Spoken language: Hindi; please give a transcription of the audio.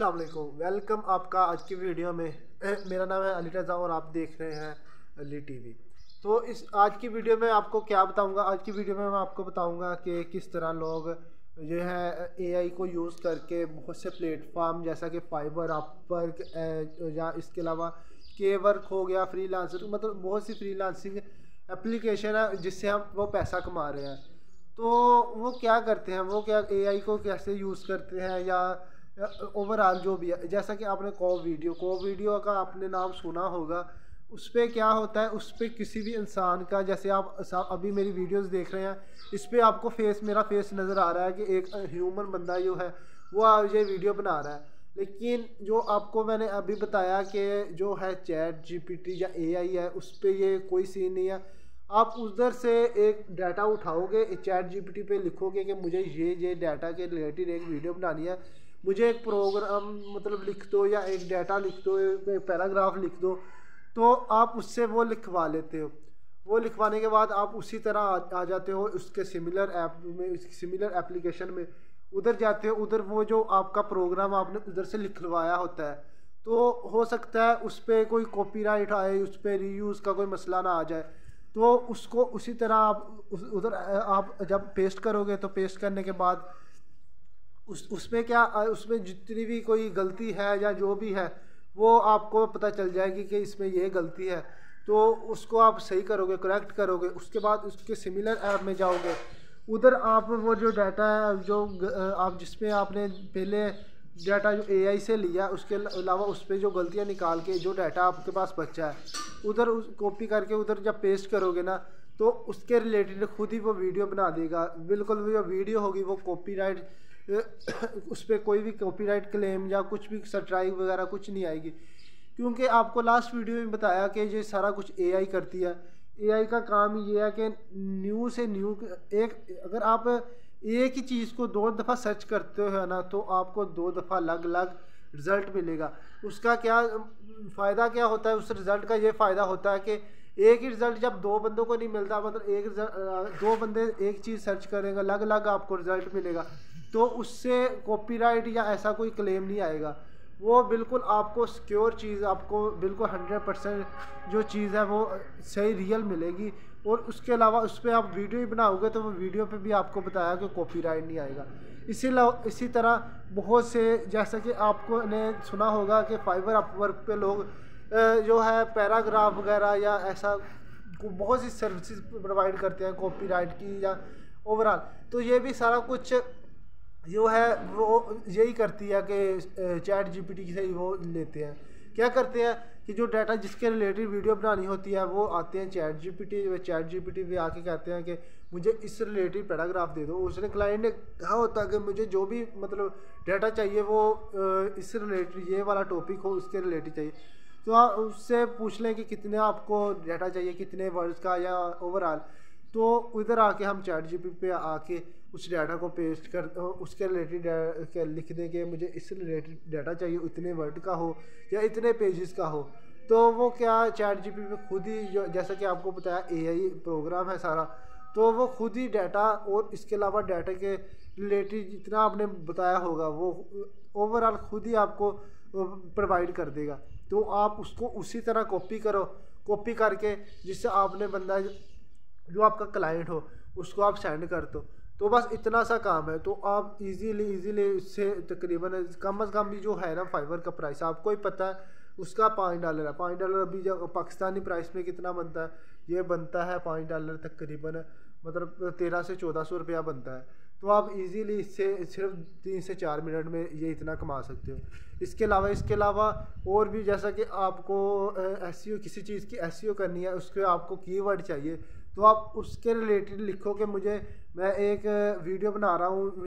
अल्लाम वेलकम आपका आज की वीडियो में मेरा नाम है अली रजा और आप देख रहे हैं अली टीवी तो इस आज की वीडियो में आपको क्या बताऊंगा आज की वीडियो में मैं आपको बताऊंगा कि किस तरह लोग जो है एआई को यूज़ करके बहुत से प्लेटफॉर्म जैसा कि फाइबर अपवर्क या इसके अलावा के वर्क हो गया फ्री मतलब बहुत सी फ्री लांसिंग एप्लीकेशन है जिससे हम वो पैसा कमा रहे हैं तो वो क्या करते हैं वो क्या एआई को कैसे यूज़ करते हैं या ओवरऑल जो भी है जैसा कि आपने कोव वीडियो कोव वीडियो का आपने नाम सुना होगा उस पर क्या होता है उस पर किसी भी इंसान का जैसे आप अभी मेरी वीडियोस देख रहे हैं इस पर आपको फेस मेरा फेस नज़र आ रहा है कि एक ह्यूमन बंदा जो है वो ये वीडियो बना रहा है लेकिन जो आपको मैंने अभी बताया कि जो है चैट जी या ए है उस पर ये कोई सीन नहीं है आप उधर से एक डाटा उठाओगे चैट जी पे लिखोगे कि मुझे ये ये डाटा के रिलेटेड एक वीडियो बनानी है मुझे एक प्रोग्राम मतलब लिख दो या एक डाटा लिख दो एक पैराग्राफ लिख दो तो आप उससे वो लिखवा लेते हो वो लिखवाने के बाद आप उसी तरह आ, आ जाते हो उसके सिमिलर ऐप में सिमिलर एप्लीकेशन में उधर जाते हो उधर वो जो आपका प्रोग्राम आपने उधर से लिखवाया होता है तो हो सकता है उस पर कोई कॉपीराइट आए उस पर रीयूज़ का कोई मसला ना आ जाए तो उसको उसी तरह आप उधर आप जब पेस्ट करोगे तो पेस्ट करने के बाद उस उसमें क्या उसमें जितनी भी कोई गलती है या जो भी है वो आपको पता चल जाएगी कि इसमें ये गलती है तो उसको आप सही करोगे करेक्ट करोगे उसके बाद उसके सिमिलर ऐप में जाओगे उधर आप वो जो डाटा है जो आप जिसमें आपने पहले डाटा जो एआई से लिया उसके अलावा उस पर जो गलतियाँ निकाल के जो डाटा आपके पास बचा है उधर उस कॉपी करके उधर जब पेस्ट करोगे ना तो उसके रिलेटेड खुद ही वो वीडियो बना देगा बिल्कुल वो जो वीडियो होगी वो कॉपीराइट उस पर कोई भी कॉपीराइट क्लेम या कुछ भी स्ट्राइक वगैरह कुछ नहीं आएगी क्योंकि आपको लास्ट वीडियो में बताया कि ये सारा कुछ एआई करती है एआई का काम ये है कि न्यू से न्यू एक अगर आप एक ही चीज़ को दो दफ़ा सर्च करते हो ना तो आपको दो दफ़ा अलग अलग रिज़ल्ट मिलेगा उसका क्या फ़ायदा क्या होता है उस रिज़ल्ट का ये फ़ायदा होता है कि एक ही रिज़ल्ट जब दो बंदों को नहीं मिलता मतलब एक दो बंदे एक चीज़ सर्च करेंगे अलग अलग आपको रिज़ल्ट मिलेगा तो उससे कॉपीराइट या ऐसा कोई क्लेम नहीं आएगा वो बिल्कुल आपको सिक्योर चीज़ आपको बिल्कुल हंड्रेड परसेंट जो चीज़ है वो सही रियल मिलेगी और उसके अलावा उस पर आप वीडियो ही बनाओगे तो वो वीडियो पे भी आपको बताया कि कॉपीराइट नहीं आएगा इसी इसी तरह बहुत से जैसा कि आपको ने सुना होगा कि फाइबर अपवर्क पे लोग जो है पैराग्राफ वगैरह या ऐसा बहुत सी सर्विसेज प्रोवाइड करते हैं कॉपीराइट की या ओवरऑल तो ये भी सारा कुछ जो है वो यही करती है कि चैट जीपीटी से वो लेते हैं क्या करते हैं कि जो डाटा जिसके रिलेटेड वीडियो बनानी होती है वो आते हैं chat G P T chat G P T आके कहते हैं कि मुझे इस रिलेटेड पैराग्राफ दे दो उसने क्लाइंट ने कहा होता कि मुझे जो भी मतलब डाटा चाहिए वो इस रिलेटेड ये वाला टॉपिक हो उसके रिलेटेड चाहिए तो आप उससे पूछ लें कि कितने आपको डाटा चाहिए कितने वर्ड्स का या ओवरऑल तो उधर आके हम चैट जी पी पे आके उस डाटा को पेस्ट कर उसके रिलेटेड लिखने के मुझे इससे रिलेटेड डाटा चाहिए इतने वर्ड का हो या इतने पेजेस का हो तो वो क्या चैट जी में खुद ही जो जैसा कि आपको बताया एआई प्रोग्राम है सारा तो वो खुद ही डाटा और इसके अलावा डाटा के रिलेटेड जितना आपने बताया होगा वो ओवरऑल खुद ही आपको प्रोवाइड कर देगा तो आप उसको उसी तरह कॉपी करो कॉपी करके जिससे आपने बंदा जो आपका क्लाइंट हो उसको आप सेंड कर दो तो बस इतना सा काम है तो आप इजीली इजीली इससे तकरीबन कम अज़ कम भी जो है ना फाइबर का प्राइस आपको ही पता है उसका पाँच डॉलर है पाँच डॉलर अभी जब पाकिस्तानी प्राइस में कितना बनता है ये बनता है पाँच डॉलर तकरीबन मतलब तेरह से चौदह सौ रुपया बनता है तो आप इजीली इससे सिर्फ तीन से चार मिनट में ये इतना कमा सकते हो इसके अलावा इसके अलावा और भी जैसा कि आपको एस e किसी चीज़ की एस e करनी है उसके आपको की चाहिए तो आप उसके रिलेटेड लिखो कि मुझे मैं एक वीडियो बना रहा हूँ